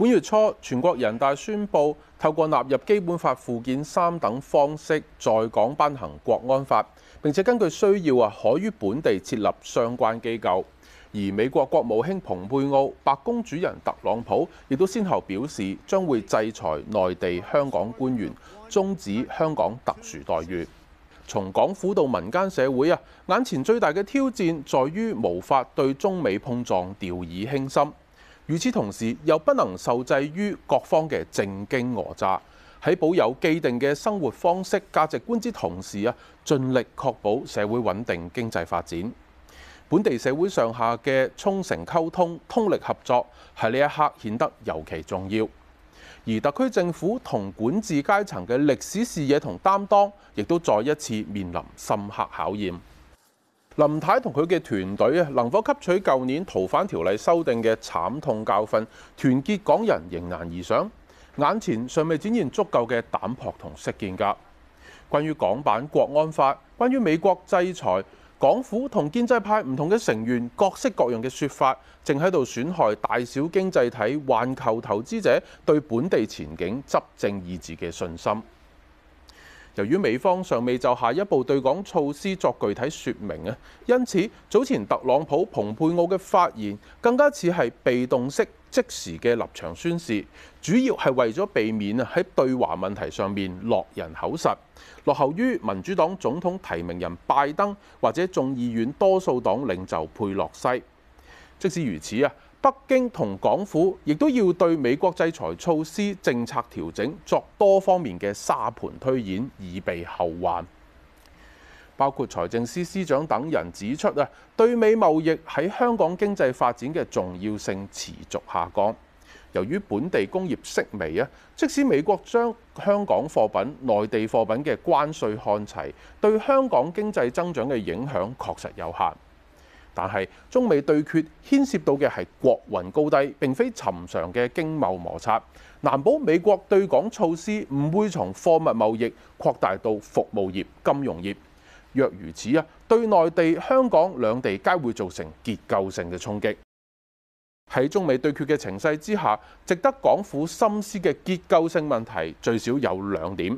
本月初，全國人大宣布透過納入基本法附件三等方式，在港頒行國安法，並且根據需要啊，可於本地設立相關機構。而美國國務卿蓬佩奧、白宮主人特朗普亦都先後表示，將會制裁內地香港官員，終止香港特殊待遇。從港府到民間社會啊，眼前最大嘅挑戰在於無法對中美碰撞掉以輕心。與此同時，又不能受制於各方嘅政經訛詐，喺保有既定嘅生活方式、價值觀之同時啊，盡力確保社會穩定、經濟發展。本地社會上下嘅忠誠溝通、通力合作，喺呢一刻顯得尤其重要。而特區政府同管治階層嘅歷史視野同擔當，亦都再一次面臨深刻考驗。林太同佢嘅團隊啊，能否吸取舊年逃犯條例修訂嘅慘痛教訓，團結港人迎難而上？眼前尚未展現足夠嘅膽魄同識見噶。關於港版國安法，關於美國制裁，港府同建制派唔同嘅成員各式各樣嘅說法，正喺度損害大小經濟體、環球投資者對本地前景執政意志嘅信心。由於美方尚未就下一步對港措施作具體説明啊，因此早前特朗普、蓬佩奧嘅發言更加似係被動式即時嘅立場宣示，主要係為咗避免啊喺對華問題上面落人口實，落後於民主黨總統提名人拜登或者眾議院多數黨領袖佩洛西。即使如此啊。北京同港府亦都要對美國制裁措施、政策調整作多方面嘅沙盤推演，以備後患。包括財政司司長等人指出啊，對美貿易喺香港經濟發展嘅重要性持續下降。由於本地工業式微啊，即使美國將香港貨品、內地貨品嘅關稅看齊，對香港經濟增長嘅影響確實有限。但係，中美對決牽涉到嘅係國運高低，並非尋常嘅經貿摩擦。難保美國對港措施唔會從貨物貿易擴大到服務業、金融業。若如此啊，對內地、香港兩地皆會造成結構性嘅衝擊。喺中美對決嘅情勢之下，值得港府深思嘅結構性問題最少有兩點：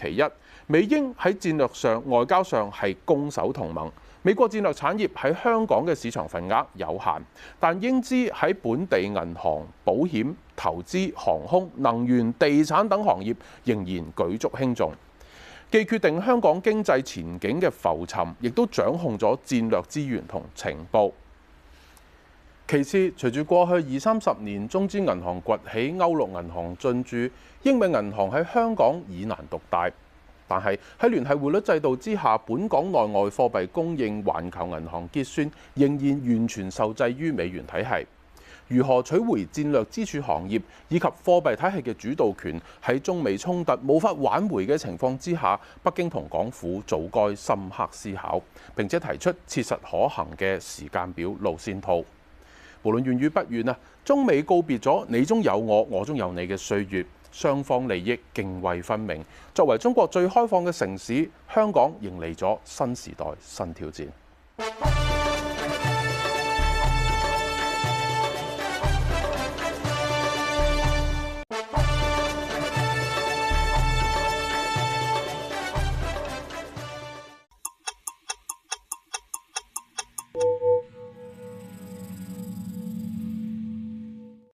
其一，美英喺戰略上、外交上係攻守同盟。美國戰略產業喺香港嘅市場份額有限，但英資喺本地銀行、保險、投資、航空、能源、地產等行業仍然舉足輕重，既決定香港經濟前景嘅浮沉，亦都掌控咗戰略資源同情報。其次，隨住過去二三十年，中資銀行崛起，歐陸銀行進駐，英美銀行喺香港已難獨大。但係喺聯繫匯率制度之下，本港內外貨幣供應、環球銀行結算仍然完全受制於美元體系。如何取回戰略支柱行業以及貨幣體系嘅主導權，喺中美衝突無法挽回嘅情況之下，北京同港府早該深刻思考，並且提出切實可行嘅時間表、路線圖。無論願與不願啊，中美告別咗你中有我、我中有你嘅歲月。雙方利益涇渭分明。作為中國最開放嘅城市，香港迎嚟咗新時代、新挑戰。